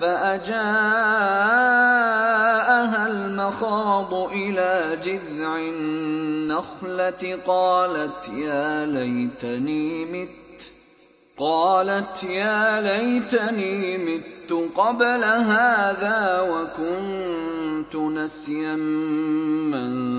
فأجاءها المخاض إلى جذع النخلة قالت يا ليتني مت قالت يا ليتني مت قبل هذا وكنت نسيا من